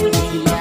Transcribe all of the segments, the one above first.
muito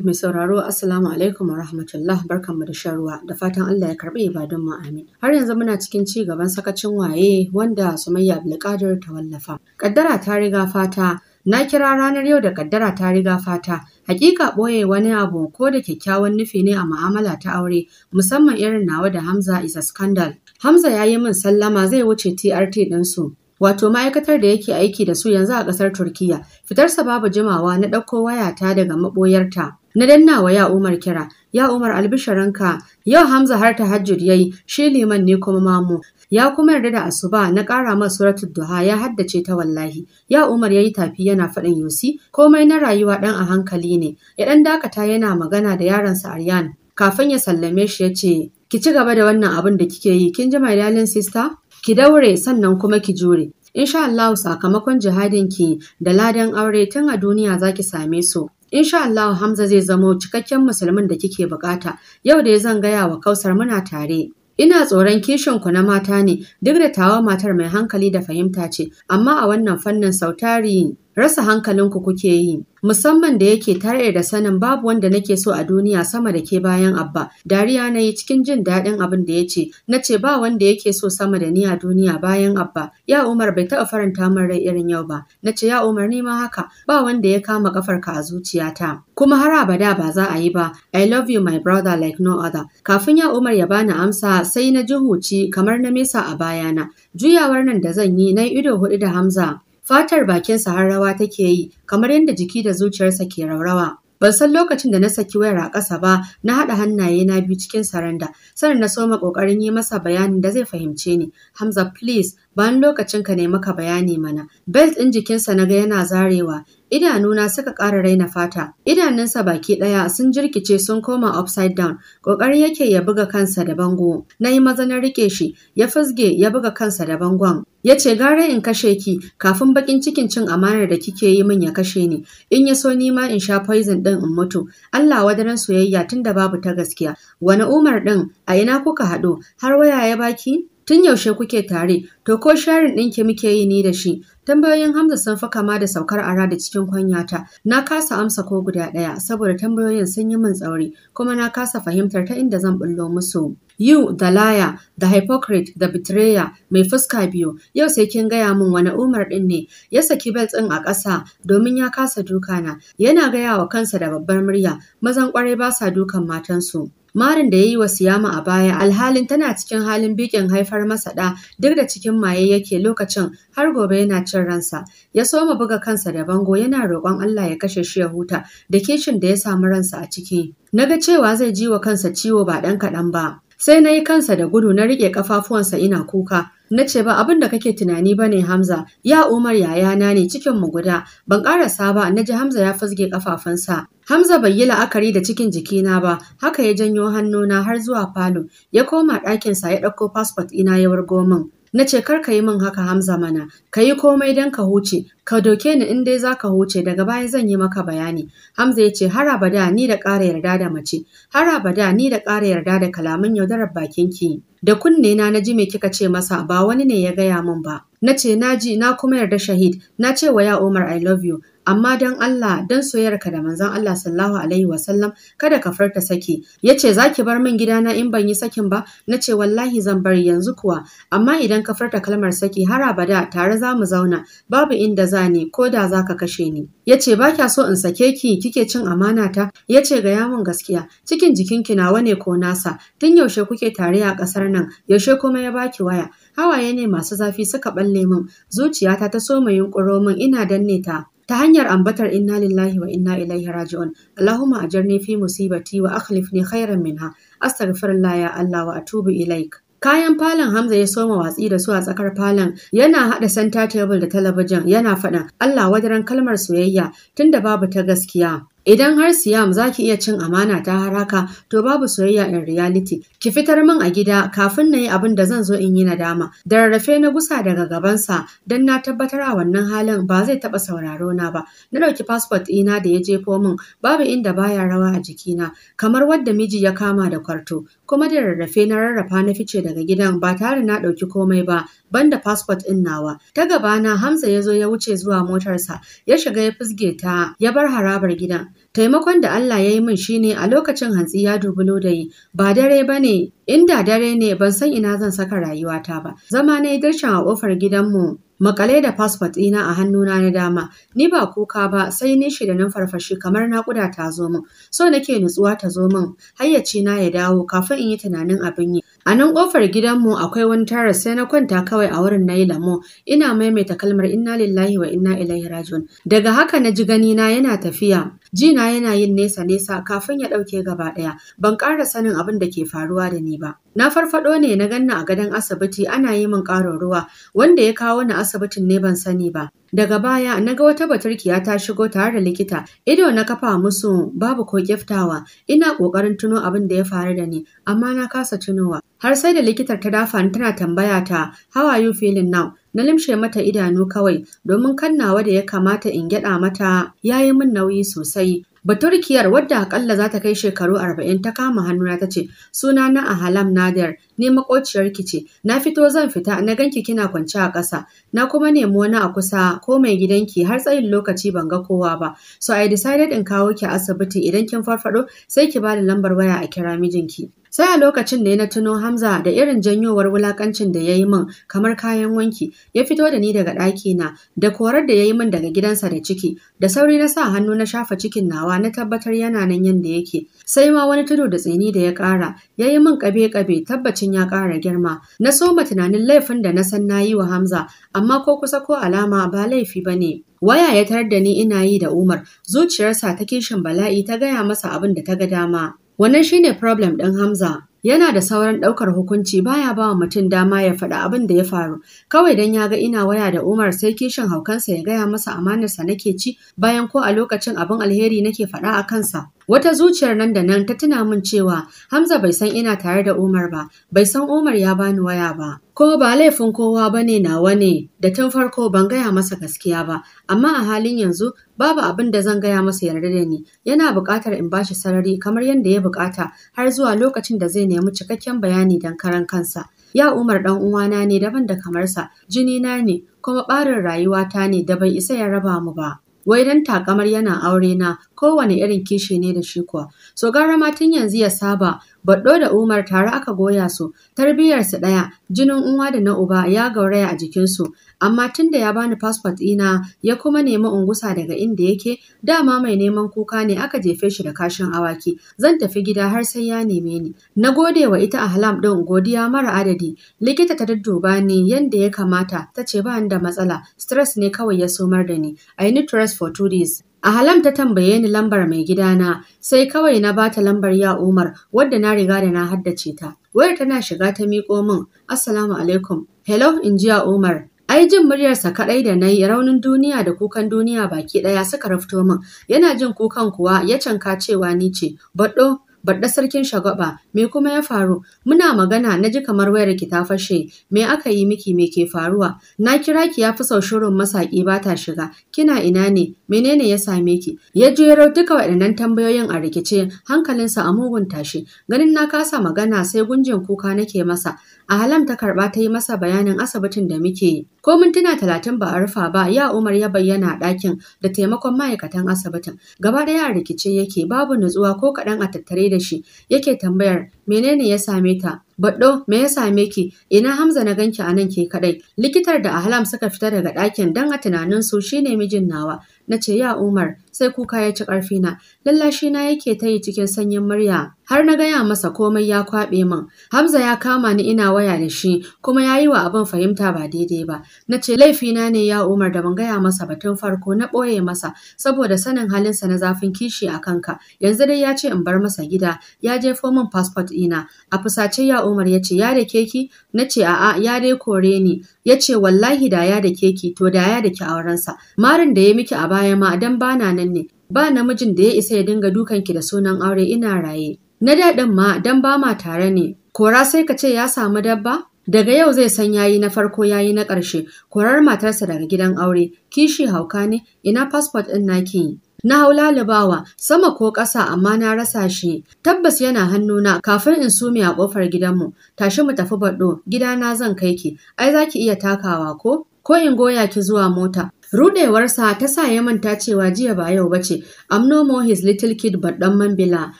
Hamid mai sauraro Assalamu alaikum wa rahmatullah mu da shan ruwa da fatan Allah ya karɓi ibadun mu amin. Har yanzu muna cikin ci gaban sakacin waye wanda Sumayya Abdulkadir ta wallafa. Kaddara ta riga fata na kira ranar yau da kaddara ta riga fata hakika ɓoye wani abu ko da kyakkyawan nufi ne a mu'amala ta aure musamman irin nawa da Hamza is a scandal. Hamza ya yi min sallama zai wuce TRT su. wato ma'aikatar da yake aiki da su yanzu a ƙasar Turkiya. Fitarsa babu jimawa na ɗauko wayata daga maɓoyarta. Na danna wa ya Umar kira, ya Umar albisharanka, yau Hamza har ta tahajjud yayi, shi liman ne kuma mamu. Ya kuma yarda da asuba na ƙara masa suratul duha ya haddace ta wallahi. Ya Umar yayi tafi yana faɗin Yusi, komai na rayuwa ɗan a hankali ne. Ya ɗan dakata yana magana da sa Aryan. Kafin ya sallame shi ya ce, Ki ci gaba da wannan abin da kike yi, kin ji my darling sister? Ki daure sannan kuma ki jure. Insha Allah sakamakon jihadin ki da ladan aure tun a duniya zaki same su. insha Allah Hamza zai zamo cikakken musulmin da kike bukata yau da zan gaya wa Kausar muna tare Ina tsoron kishin ku na mata ne, duk da tawa matar mai hankali da fahimta ce, amma a wannan fannin sautari rasa hankalinku kuke yi musamman da yake tare da sanin babu wanda nake so a duniya sama da ke bayan abba dariya na yi cikin jin daɗin abin da ya ce na ce ba wanda yake so sama da ni a duniya bayan abba ya umar bai taɓa faranta min rai irin yau ba na ce ya umar ni ma haka ba wanda ya kama ƙafarka a zuciyata kuma har abada ba za a yi ba i love you my brother like no other kafin ya umar ya bani amsa sai na ji huci kamar na mesa a bayana juyawar nan da zan yi na ido hudu da hamza Fatar sa har rawa take yi, kamar yadda jiki da zuciyarsa ke raurawa. Ban san lokacin da na saki wayar a ƙasa ba, na haɗa hannaye na biyu cikin saranda, sannan na soma ƙoƙarin yi masa bayanin da zai fahimce ni. Hamza, please, Bayan lokacin ka nemi ka bayani mana. Belt ɗin jikinsa na ga yana zarewa. Idanuna suka ƙara raina fata. Idanunsa baki ɗaya sun jirkice sun koma upside down. Ƙoƙari yake ya buga kansa da bango. Na yi maza na riƙe shi. Ya fusge, ya buga kansa da bangon. Ya ce gara in kashe ki kafin bakin cikin cin amanar da kike yi min ya kashe ni. In ya so ni ma in sha poison ɗin in mutu. Allah wadaran soyayya tunda babu ta gaskiya. Wani Umar ɗin a ina kuka haɗu har waya ya baki? Tun yaushe kuke tare, to ko sharin ɗinki muke yi ni da shi. Tambayoyin Hamza sun fi kama da saukar ara da cikin kwanyata. Na kasa amsa ko guda ɗaya saboda tambayoyin sun yi min tsauri kuma na kasa fahimtar ta inda zan bullo musu. You the liar, the hypocrite, the betrayer, mai fuska biyu, yau sai kin gaya min wani umar ɗin ne, ya saki belt ɗin a ƙasa domin ya kasa duka na yana gaya wa kansa da babbar murya, mazan ƙwarai ba sa dukan matansu. Marin da ya yi wa Siyama a baya alhalin tana cikin halin bikin haifar masa ɗa duk da cikin maye yake lokacin har gobe yana cin ransa. Ya soma buga kansa da bango yana roƙon Allah ya kashe shi ya huta da kishin da ya samu ransa a ciki. Na ga cewa zai ji wa kansa ciwo ba ɗan kaɗan ba. Sai na yi kansa da gudu na riƙe ƙafafuwansa ina kuka. Na ce ba abin da kake tunani ba ne Hamza, ya Umar yayana ne cikin mu guda, ban ƙarasa ba na ji Hamza ya fusge ƙafafunsa. Hamza bai yi la'akari da cikin jikina ba, haka ya janyo hannuna har zuwa falo, ya koma ɗakinsa ya ɗauko fasfot ina ya wargo min. Na ce kar ka yi min haka Hamza mana, ka yi komai don ka huce, ka doke ni in dai za ka huce daga baya zan yi maka bayani. Hamza ya ce har abada ni da ƙara yarda da mace, har abada ni da ƙara yarda da kalaman yaudarar bakin ki. Da kunne na na ji me kika ce masa ba wani ne ya gaya min ba. Na ce na ji na kuma yarda shahid, na ce wa ya Umar I love you, amma don Allah don soyarka da manzon Allah sallahu alaihi wasallam kada ka farta saki ya ce za ki bar min gidana in ban yi sakin ba na ce wallahi zan bari yanzu kuwa amma idan ka farta kalmar saki har abada tare za mu zauna babu inda za ni ko da za ka kashe ni ya ce ba kya so in sake ki kike cin amana ta ya ce ga yamun gaskiya cikin jikinki nawa ne ko nasa tun yaushe kuke tare a ƙasar nan yaushe kuma ya baki waya Hawaye ne masu zafi suka balle min, zuciyata ta soma yunƙuro min ina danne ta. ta hanyar ambatar inna lillahi wa inna ilaihi raji'un Allahumma ajirni fi musibati wa akhlifni khairan minha astaghfirullah ya Allah wa atubu ilaik Kayan falon Hamza ya soma watsi da su a tsakar falon yana haɗa santa table da talabijin yana faɗin Allah wadaran kalmar soyayya tunda babu ta gaskiya. Idan har Siyam za ki iya cin amana ta haraka to babu soyayya in reality. Ki fitar min a gida kafin na yi abin da zan zo in yi nadama. Da rarrafe na gusa daga gabansa don na tabbatar a wannan halin ba zai taɓa sauraro na ba. Na ɗauki fasfot ɗina da ya jefo min babu inda baya rawa a jikina kamar wadda miji ya kama da kwarto. Kuma da rarrafe na rarrafa na fice daga gidan ba tare na ɗauki komai ba banda fasfot ɗin nawa. Ta gaba na Hamza ya zo ya wuce zuwa motarsa, ya shiga ya fizge ta, ya bar harabar gidan. Taimakon da Allah ya yi min shine a lokacin hantsi ya dubi lodayi, ba dare ba ne, inda dare ne ban san ina zan saka rayuwata ba. Zama na yi dirshan a ƙofar gidanmu makale da fasfot ɗina a hannuna na dama ni ba kuka ba sai nishi da nan farfashi, kamar naƙuda ta zo min so nake nutsuwa ta zo min hayyaci na ya dawo kafin in yi tunanin abin yi a nan ƙofar gidanmu akwai wani taras sai na kwanta kawai a wurin na yi lamo ina maimaita kalmar inna lillahi wa inna ilaihi rajiun daga haka na ji gani na yana tafiya Jina yana yin nesa-nesa kafin ya ɗauke gaba ɗaya. Ban ƙara sanin abin da ke faruwa da ni ba. Na farfaɗo ne na ganna a gadon asibiti ana yi min ƙarin ruwa wanda ya kawo ni asibitin ne ban sani ba. Daga baya na ga wata baturkiya ta shigo tare da likita, ido na kafa musu babu ko kyaftawa, ina ƙoƙarin tuno abin da ya faru da ni, amma na kasa tunowa. Har sai da likitar ta dafa ni tana tambaya ta, how are you feeling now? Na limshe mata idanu kawai domin kannawa da ya kamata in gyada mata ya yi min nauyi sosai. Baturkiyar wadda akalla za ta kai shekaru arba'in ta kama hannuna ta ce, Suna na Ahalam Nader, ni ki ce na fito zan fita na ganki kina kwance a ƙasa na kuma nemi wani a kusa ko mai gidanki har tsayin lokaci ban ga kowa ba so I decided in kawo ki asibiti idan kin farfado sai ki bada lambar waya a kira mijinki sai a lokacin ne na tuno Hamza da irin janyowar wulakancin da ya yi min kamar kayan wanki ya fito da ni daga ɗakina da korar da ya yi min daga gidansa da ciki da sauri na sa hannu na shafa cikin nawa na tabbatar yana nan yanda yake sai ma wani tudu da tsini da ya ƙara ya yi min ƙabe-ƙabe tabbacin lokacin ya ƙara girma. Na soma tunanin laifin da na san na yi wa Hamza, amma ko kusa ko alama ba laifi ba ne. Waya ya tar da ni ina yi da Umar, zuciyarsa ta kishin bala'i ta gaya masa abin da ta ga dama. Wannan shine problem ɗin Hamza. Yana da sauran ɗaukar hukunci baya ba wa mutum dama ya faɗa abin da ya faru, kawai don ya ga ina waya da Umar sai kishin haukansa ya gaya masa amanarsa nake ci bayan ko a lokacin abin alheri nake faɗa a kansa. Wata zuciyar nan da nan ta tuna min cewa Hamza bai san ina tare da Umar ba, bai san Umar ya bani waya ba. Ko ba laifin kowa ba ne nawa ne da tun farko ban gaya masa gaskiya ba, amma a halin yanzu babu abin da zan gaya masa yarda da ni. Yana buƙatar in bashi sarari kamar yadda ya buƙata har zuwa lokacin da zai nemi cikakken bayani don karan kansa. Ya Umar ɗan uwana ne daban da kamarsa, jini na ne, kuma ɓarin rayuwata ne da bai isa ya raba mu ba. wai dan takamar yana aure na kowane irin kishi ne da shi kuwa so gara tun yanzu ya saba Baddo da Umar tare aka goya su, tarbiyyarsu ɗaya, jinin uwa da na uba ya gauraya a jikinsu, amma tun da ya bani fasfot ɗina ya kuma nemi ungusa daga inda yake, dama mai neman kuka ne aka jefe shi da kashin awaki, zan tafi gida har sai ya neme ni. Na gode wa ita ahlam ɗin godiya mara adadi, likita ta dudduba ni yadda ya kamata, ta ce ba da matsala, stress ne kawai ya somar da ni, I need rest for two days. A halam ta tambaye ni lambar mai gidana, sai kawai na bata lambar ya Umar wadda na riga da na haddace ta. Wayar tana shiga ta miƙo min, Assalamu alaikum. Hello, in ji ya Umar. Ai jin muryarsa kaɗai da na yi raunin duniya da kukan duniya baki ɗaya suka rafto min. Yana jin kukan kuwa ya canka cewa ni ce, Baɗo, Badda sarkin shagaba, me kuma ya faru? Muna magana na ji kamar wayar ki ta fashe, me aka yi miki me ke faruwa? Na kira ki ya fi sau shirin masaƙi ba ta shiga, kina ina ne, menene ya same ki? Ya jero duka waɗannan tambayoyin a rikice, hankalinsa a mugun tashi, ganin na kasa magana sai gunjin kuka nake masa. A halam ta karba ta yi masa bayanin asibitin da muke. Ko mintuna talatin ba a rufa ba, ya Umar ya bayyana a ɗakin da taimakon ma'aikatan asibitin. Gaba ɗaya a rikice yake, babu nutsuwa ko kaɗan a tattare da shi. Yake tambayar, menene ya same ta? Baɗo, me ya same ki? Ina Hamza na ganki a nan ke kaɗai. Likitar da Ahlam suka fita daga ɗakin don a tunanin su shine mijin nawa. na ce ya Umar sai kuka ya ci ƙarfina lallashi na yake ta yi cikin sanyin murya har na gaya masa komai ya kwaɓe min Hamza ya kama ni ina waya da shi kuma ya yi wa abin fahimta ba daidai ba na ce laifina ne ya Umar da ban gaya masa batun farko na ɓoye masa saboda sanin halinsa na zafin kishi a kanka yanzu dai ya ce in bar masa gida ya jefo min fasfot ɗina a fusace ya Umar ya ce ya da keki na ce a'a ya dai kore ni ya ce wallahi da ya da keki to da ya da ki aurensa marin da ya miki a baya baya ma dan bana nan ne ba namijin da ya isa ya dinga dukanki da sunan aure ina raye na daɗin ma dan ba ma tare ne kora sai ka ce ya samu dabba daga yau zai san yayi na farko yayi na ƙarshe korar matarsa daga gidan aure kishi hauka ne ina passport ɗin naki na hau lalubawa sama ko ƙasa amma na rasa shi tabbas yana hannuna kafin in sume a ƙofar gidanmu tashi mu tafi baɗo gidana zan kai ki ai za ki iya takawa ko ko in goya ki zuwa mota Rudewarsa ta sa ya manta cewa jiya ba yau bace, I'm no more his little kid but dan Mambila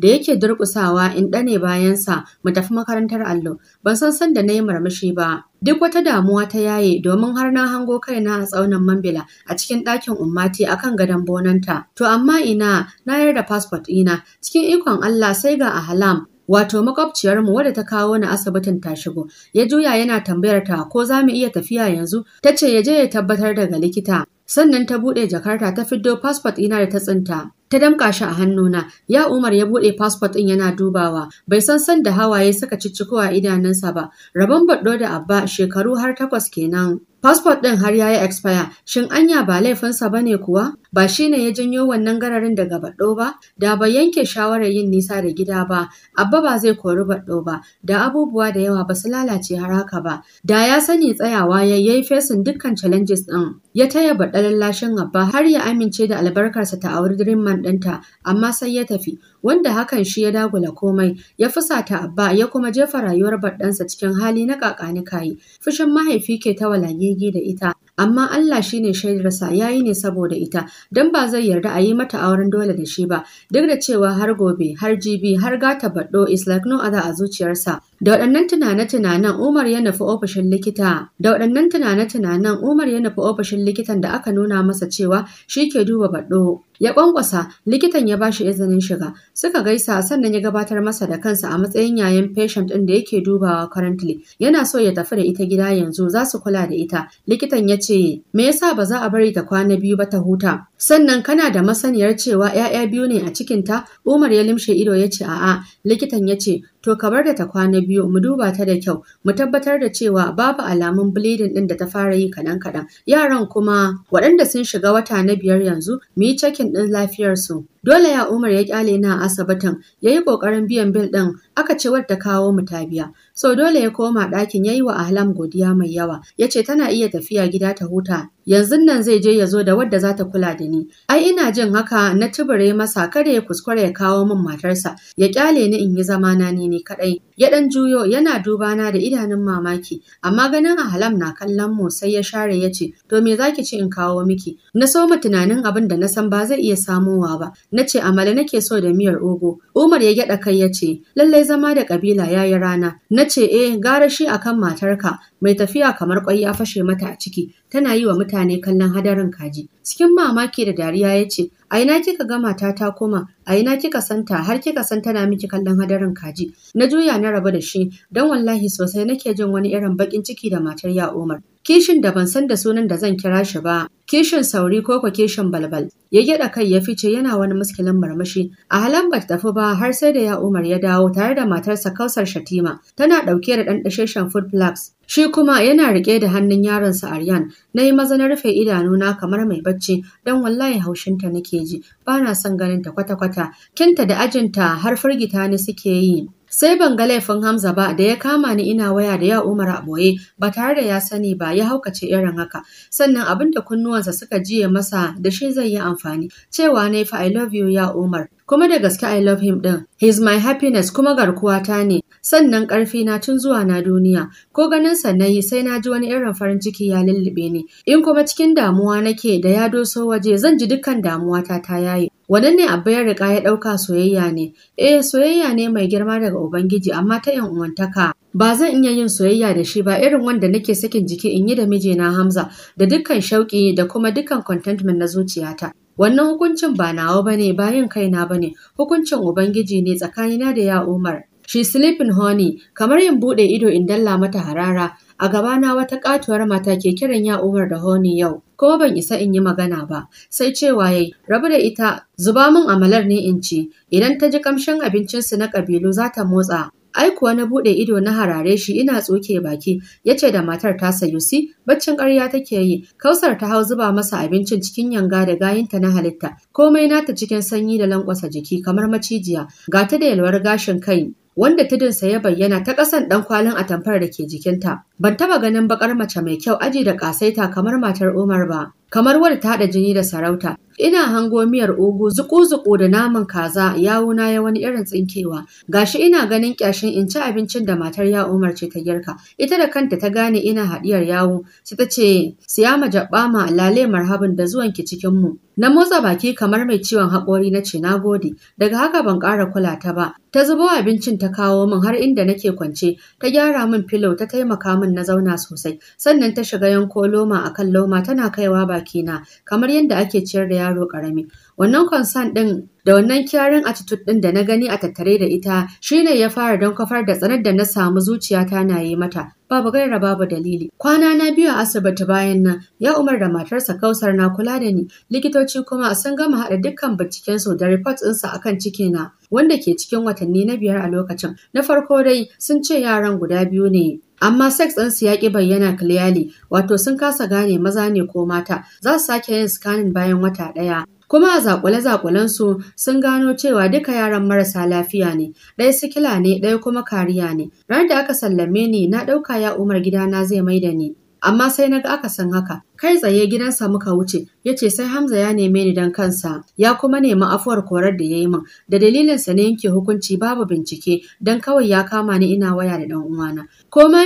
da yake durƙusawa in ɗane bayansa mu tafi makarantar allo. Ban san san da na yi murmushi ba. Duk wata damuwa ta yaye domin har na hango kaina a tsaunin Mambila a cikin ɗakin ummati a kan gadon bonanta. To amma ina na yarda fasfot ina, cikin ikon Allah sai ga a halam wato makwabciyarmu wadda ta kawo ni asibitin ta shigo ya juya yana tambayar ta ko za mu iya tafiya yanzu ta ce ya je ya tabbatar daga likita sannan ta buɗe jakarta ta fiddo fasfot ina da ta tsinta ta damka shi a hannuna ya umar ya buɗe fasfot ɗin yana dubawa bai san san da hawaye suka ciccikowa a idanunsa ba rabon baɗo da abba shekaru har takwas kenan Fasfot ɗin har ya yi expire, shin anya ba laifinsa ba ne kuwa? Ba shi ne ya janyo wannan gararin daga baɗo ba? Da ba yanke shawarar yin nisa da gida ba, abba ba zai kori baɗo ba, da abubuwa da yawa ba su lalace har haka ba. Da ya sani tsayawa ya yi fesin dukkan challenges ɗin. Ya taya baɗa lashin abba har ya amince da albarkarsa ta auri Dream Man ɗanta amma sai ya tafi wanda hakan shi ya dagula komai ya fusata abba ya kuma jefa rayuwar baddansa cikin hali na kayi, fushin mahaifi ke ta walagege da ita amma Allah shine shaidarsa ya yi ne saboda ita don ba zai yarda a yi mata auren dole da shi ba duk da cewa har gobe har jibi har gata baddo is like no other a zuciyarsa Da waɗannan tunane-tunanen Umar ya nufi ofishin likita. Da waɗannan tunane-tunanen Umar ya nufi ofishin likitan da aka nuna masa cewa shi ke duba baɗo. Ya ƙwanƙwasa, likitan ya bashi izinin shiga. Suka gaisa sannan ya gabatar masa da kansa a matsayin yayin patient ɗin da yake dubawa currently. Yana so ya tafi da ita gida yanzu za su kula da ita. Likitan ya ce, "Me yasa ba za a bari ta kwana biyu ba ta huta?" Sannan kana da masaniyar cewa ‘ya'ya biyu ne a cikinta? Umar ya limshe ido ya ce, "A'a." Likitan ya ce, to kamar da ta kwana biyu mu duba ta da kyau mu tabbatar da cewa babu alamun bleeding din da ta fara yi kaɗan kaɗan yaran kuma waɗanda sun shiga wata na biyar yanzu mu yi cekin ɗin su. dole ya umar ya kyale na asibitin ya yi ƙoƙarin biyan bil ɗin aka ce wadda kawo mu ta biya So dole ya koma ɗakin ya yi wa Ahlam godiya mai yawa, ya ce tana iya tafiya gida ta huta, yanzu nan zai je ya zo da wadda za ta kula da ni. Ai ina jin haka na tubure masa kada ya kuskure ya kawo min matarsa, ya kyale ni in yi zamana ni ne kaɗai. Ya ɗan juyo yana duba na da idanun mamaki, amma ganin Ahlam na kallon mu sai ya share ya ce, to me za ki ci in kawo miki? Na so mu tunanin abin da na san ba zai iya samowa ba, na ce amala nake so da miyar ogo. Umar ya gyaɗa kai ya ce, lallai zama da ƙabila ya yi rana. Na ce eh gara shi a akan matarka mai tafiya kamar kwai ya fashe mata a ciki tana yi wa mutane kallon hadarin kaji cikin mamaki da dariya ya ce a ina kika ga mata ta koma a ina kika santa har kika san tana miki kallon hadarin kaji na juya na rabu da shi dan wallahi sosai nake jin wani irin bakin ciki da matar ya Umar kishin da ban san da sunan da zan kira shi ba kishin sauri ko ko kishin balbal ya gyada kai ya fice yana wani muskilin marmashi a halan bata tafi ba har sai da ya umar ya dawo tare da matarsa kausar shatima tana dauke da dan dasheshen food plugs shi kuma yana rike da hannun yaronsa aryan na yi maza na rufe idanuna kamar mai bacci don wallahi haushinta nake ji ba na son ganin ta kwata-kwata kinta da ajinta har firgita ne suke yi Sai ban ga laifin Hamza ba da ya kama ni ina waya da ya Umar a boye ba tare da ya sani ba ya haukace irin haka. Sannan abin da kunnuwansa suka jiye masa da shi zai yi amfani. Cewa ne fa I love you ya Umar. Kuma da gaske I love him din. He's my happiness kuma garkuwata ne. Sannan karfi na tun zuwa na duniya. Ko ganin sa yi sai na ji wani irin farin ciki ya lullube ni. In kuma cikin damuwa nake da ya doso waje zan ji dukkan damuwata ta yaye. Wannan ne Abba ya riga ya ɗauka soyayya ne. Eh soyayya ne mai girma daga Ubangiji amma ta ‘yan uwantaka. Ba zan iya yin soyayya da shi ba irin wanda nake sakin jiki in yi da mijina Hamza da dukkan shauki da kuma dukkan contentment na zuciyata. Wannan hukuncin ba nawa ba ne bayan kaina ba ne, hukuncin Ubangiji ne tsakanina da ya Umar. She sleeping honey, kamar yin buɗe ido in dalla mata harara, a gabana wata katuwar mata ke kiran ya Umar da honey yau. ko ban isa in yi magana ba, sai cewa yai, rabu da ita zuba min amalar ne in ci, idan ta ji kamshin abincinsu na ƙabilu za ta motsa. Ai kuwa na buɗe ido na harare shi ina tsoke baki, ya ce da matar ta sayu si, baccin ƙarya take yi, kausar ta hau zuba masa abincin cikin yanga da gayinta na halitta, komai nata cikin sanyi da lankwasa jiki kamar macijiya, ga ta da yalwar gashin kai wanda tudunsa ya bayyana ta ƙasan ɗan kwalin atamfar da ke jikinta. Ban taɓa ganin baƙar mace mai kyau aji da ƙasaita kamar matar Umar ba. kamar wadda ta haɗa jini da sarauta. Ina hango miyar ugu zuƙu-zuƙu da naman kaza yawuna ya wani irin tsinkewa. Gashi ina ganin ƙyashin in ci abincin da matar ya umarce ta girka. Ita da kanta ta gane ina haɗiyar yawo sai ta ce, "siya "Siyama ma lale marhabin da zuwan ki cikin mu." Na motsa baki kamar mai ciwon haƙori na ce na gode, daga haka ban ƙara kula ta ba. Ta zubo abincin ta kawo min har inda nake kwance, ta gyara min filo ta taimaka min na zauna sosai, sannan ta shiga yanko loma akan loma tana kaiwa ba bakina kamar yadda ake ciyar da yaro karami Wannan concern ɗin da wannan kyarin attitude ɗin da na gani a tattare da ita shine ya fara don kafar da tsanar da na samu zuciyata na yi mata babu gaira babu dalili kwana na biyu a asibiti bayan nan ya umar da matarsa kausar na kula da ni likitoci kuma sun gama haɗa dukkan binciken su da report ɗinsa akan ciki na wanda ke cikin watanni na biyar a lokacin na farko dai sun ce yaran guda biyu ne amma sex ɗin su ya ƙi bayyana clearly wato sun kasa gane maza ne ko mata za su sake yin scanning bayan wata ɗaya kuma a zakule-zakulensu sun gano cewa duka yaran marasa lafiya ne ɗaya sikila ne ɗaya kuma kariya ne ranar da aka sallame ni na ɗauka ya umar gidana zai maida ni amma sai na ga san haka kai tsaye gidansa muka wuce ya ce sai Hamza ya neme ni don kansa ya kuma nemi afuwar korar da ya yi min da sa ne yanke hukunci babu bincike don kawai ya kama ni ina waya da dan uwana ko ma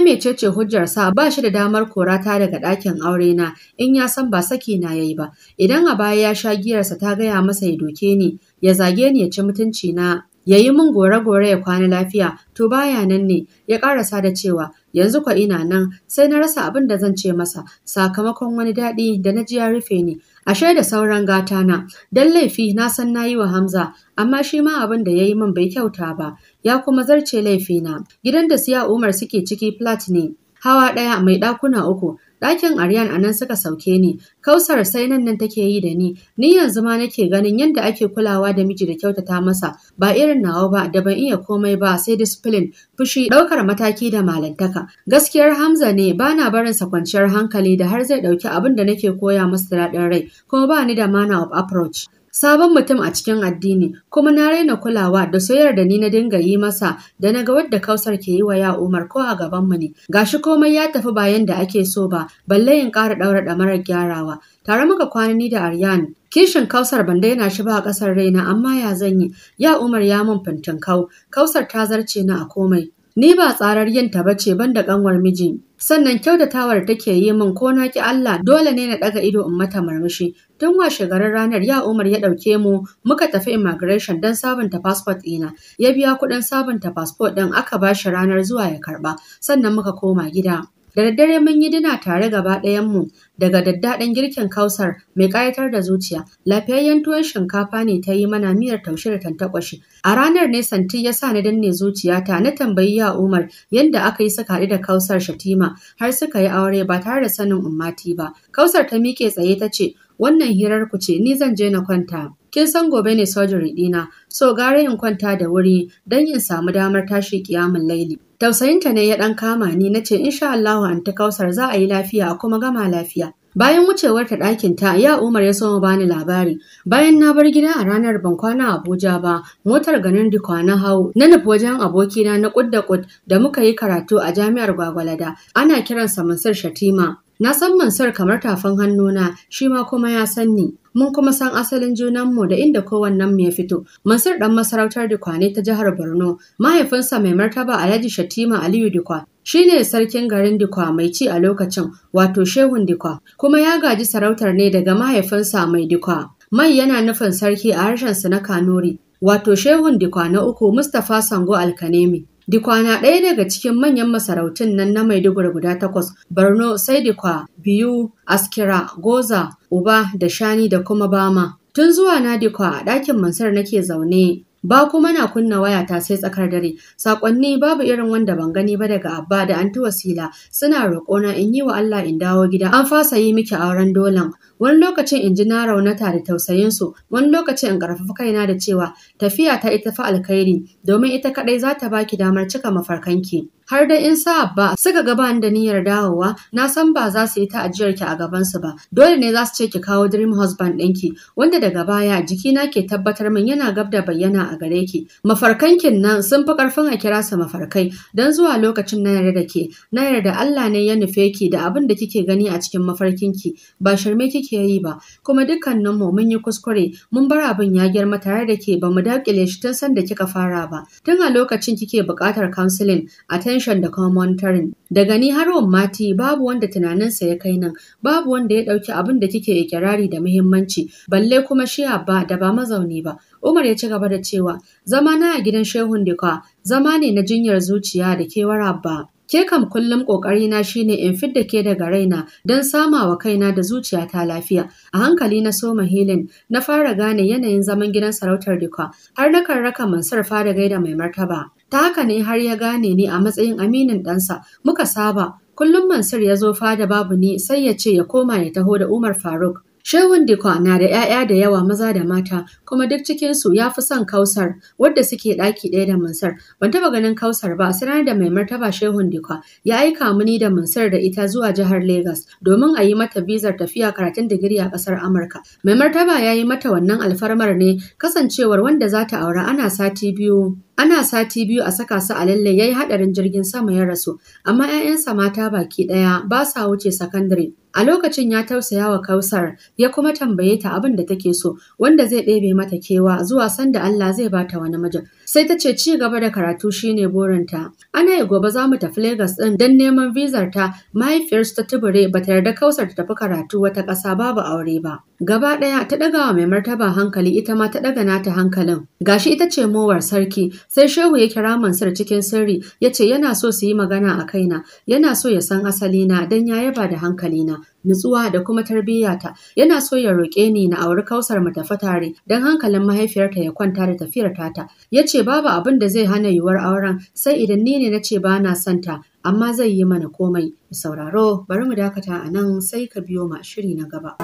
hujjar sa ba shi da damar kora ta daga dakin aure na in ya san ba saki na yayi ba idan a baya ya sha giyarsa ta gaya masa ya doke ni ya zage ni ya ci mutunci na ya yi min gore-gore ya kwana lafiya to baya nan ne ya ƙara da cewa yanzu kwa ina nan sai na rasa abin da zan ce masa sakamakon wani daɗi da na ji ya rufe ni ashe da sauran gata na dan laifi na san na yi wa Hamza amma shi ma abin da ya yi min bai kyauta ba ya kuma zarce laifi na. gidan da siya Umar suke ciki flat ne hawa ɗaya mai ɗakuna uku ɗakin Aryan a nan suka sauke ni, Kausar sai nan nan take yi da ni, ni yanzu ma nake ganin yadda ake kulawa da miji da kyautata masa, ba irin nawa ba da ban iya komai ba sai discipline, fushi, ɗaukar mataki da malantaka. Gaskiyar Hamza ne ba na barin sa kwanciyar hankali da har zai ɗauki abin da nake koya masa daɗin rai, kuma ba ni da manner of approach. sabon mutum a cikin addini kuma na raina kulawa da soyar da ni na dinga yi masa da na ga wadda kausar ke yi wa ya umar ko a gaban mu ne gashi komai ya tafi bayan da ake so ba balle in ƙara ɗaura da mara gyarawa tare muka kwana ni da aryan kishin kausar ban daina shi ba a ƙasar raina amma ya zan yi ya umar ya mun fintin kau kausar ta zarce ni a komai ni ba tsarar yin ta bace ban da kanwar miji. sannan kyautatawar take yi min ko na ki Allah dole ne na ɗaga ido in mata murmushi Tun washe garin ranar ya Umar ya ɗauke mu muka tafi immigration don sabunta passport ɗina. Ya biya kuɗin sabunta passport ɗin aka ba shi ranar zuwa ya karɓa sannan muka koma gida. Da daddare mun yi dina tare gaba ɗayanmu daga daddaɗen girkin kausar mai ƙayatar da zuciya. Lafiyayyen tuwon shinkafa ne ta yi mana miyar taushe da tantakwashi. A ranar ne Santi ya sa ni danne zuciyata na tambayi ya Umar yadda aka yi suka haɗu da kausar Shatima har suka yi aure ba tare da sanin ummati ba. Kausar ta miƙe tsaye ta ce Wannan hirar ku ce ni zan je na kwanta. Kin san gobe ne surgery ɗina, so gara in kwanta da wuri don yin samu damar tashi kiyamun laili. Tausayinta ne ya ɗan kama ni na ce insha Allahu an ta kausar za a yi lafiya a kuma gama lafiya. Bayan wucewar ta ɗakin ta, ya Umar ya soma bani labari. Bayan na bar gida a ranar ban kwana Abuja ba, motar ganin dikwa na hau, na nufi wajen abokina na ƙud da kud da muka yi karatu a jami'ar Gwagwalada. Ana kiransa Mansur Shatima. Na san Mansur kamar tafin hannuna, shi ma kuma ya san ni. Mun kuma san asalin junanmu da inda kowannen mu ya fito. Mansur dan masarautar Dikwane ta jihar Borno, mahaifinsa mai martaba Alhaji Shatima Aliyu Dikwa. shine sarkin garin Dikwa mai ci a lokacin, wato Shehun Dikwa, kuma ya gaji sarautar ne daga mahaifinsa mai Dikwa. Mai yana nufin sarki a harshen harshensa na Kanuri, wato Shehun Dikwa na uku Mustapha Sango Alkanemi. Dikwana ɗaya daga cikin manyan masarautun nan na Maiduguri guda takwas, Borno sai Dikwa, Biyu, Askira, Goza, Uba da Shani da kuma Bama. Tun zuwa na Dikwa a ɗakin Mansar nake zaune, ba kuma na kunna wayata sai tsakar dare Saƙonni, babu irin wanda ban gani ba daga abba da anti wasila suna roƙona in yi wa Allah in dawo gida an fasa yi miki auren dolan Wani lokacin in ji na raunata da tausayinsu, wani lokacin in ƙarfafi kaina da cewa tafiya ta ita fa alkhairi domin ita kaɗai za ta baki damar cika mafarkanki. Har da in sa ba suka gaba da niyyar dawowa, na san ba za su yi ta ajiyarki a gabansu ba. Dole ne za su ce ki kawo dream husband ɗinki, wanda daga baya jikina ke tabbatar min yana gab da bayyana a gare ki. Mafarkankin nan sun fi ƙarfin a kira su mafarkai, don zuwa lokacin na yarda da ke, na yarda Allah ne ya nufe ki da abin da kike gani a cikin mafarkinki, ba shirme muke yi ba kuma mu mun yi kuskure mun bar abin ya girma tare da ke ba mu dakile shi tun sanda kika fara ba tun a lokacin kike buƙatar counseling attention da kuma monitoring daga ni har mati babu wanda tunaninsa ya kai nan babu wanda ya ɗauki abin da kike kirari da muhimmanci balle kuma shi abba da ba mazauni ba Umar ya ci gaba da cewa zama na a gidan Shehun Dika zama ne na jinyar zuciya da kewar Abba Ke kam kullum ƙoƙarina shine in fidda ke daga raina don sama wa kaina da zuciyata lafiya. A hankali na soma hilin na fara gane yanayin zaman gidan sarautar duka har na kan raka Mansur fara gaida mai martaba. Ta haka ne har ya gane ni a matsayin aminin ɗansa muka saba kullum Mansur ya zo fada babu ni sai ya ce ya koma ya taho da Umar Faruk Shehun Dikwa na da ‘ya'ya da yawa maza da mata, kuma duk cikinsu ya fi son Kausar, wadda suke ɗaki ɗaya da munsar. Ban taɓa ganin Kausar ba, sanar da mai martaba Shehun Dikwa ya aika muni da munsar da ita zuwa jihar Legas domin a yi mata bizar tafiya karatun digiri a ƙasar Amurka. Mai martaba ya yi mata wannan alfarmar ne kasancewar wanda za ta aura ana sati biyu Ana sati biyu a saka su a lalle ya yi haɗarin jirgin sama ya rasu, amma 'ya'yansa mata baki ɗaya ba sa wuce sakandare. A lokacin ya tausaya wa Kausar ya kuma tambaye ta abin da take so wanda zai ɗebe mata kewa zuwa sanda Allah zai bata wani mijin. Sai ta ce ci gaba da karatu shine burinta. Ana yi gobe za mu tafi Legas ɗin don neman vizar ta mahaifiyarsu ta tubure ba ta yarda Kausar ta tafi karatu wata ƙasa babu aure ba. Gaba ɗaya ta ɗaga wa mai martaba hankali ita ma ta ɗaga nata hankalin. Gashi ita ce mowar sarki sai shehu ya kira mansur cikin sirri ya ce yana so su yi magana a kaina yana so ya san asalina don ya yaba da hankalina nutsuwa da kuma tarbiyyata yana so ya roƙe ni na auri kausar mu tafi tare don hankalin mahaifiyarta ya kwanta da tafiyar tata ya ce babu abin da zai hana yiwuwar auren sai idan ni ne na ce ba na son ta, amma zai yi mana komai sauraro bari mu dakata a nan sai ka biyo ma shiri na gaba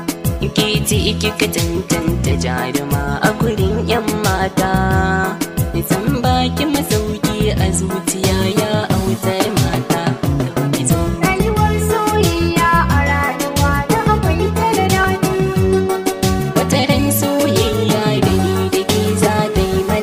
Ikiti ikika tantanta jaruma a gurin 'yan mata nisan baki masauki a zuciya ya auta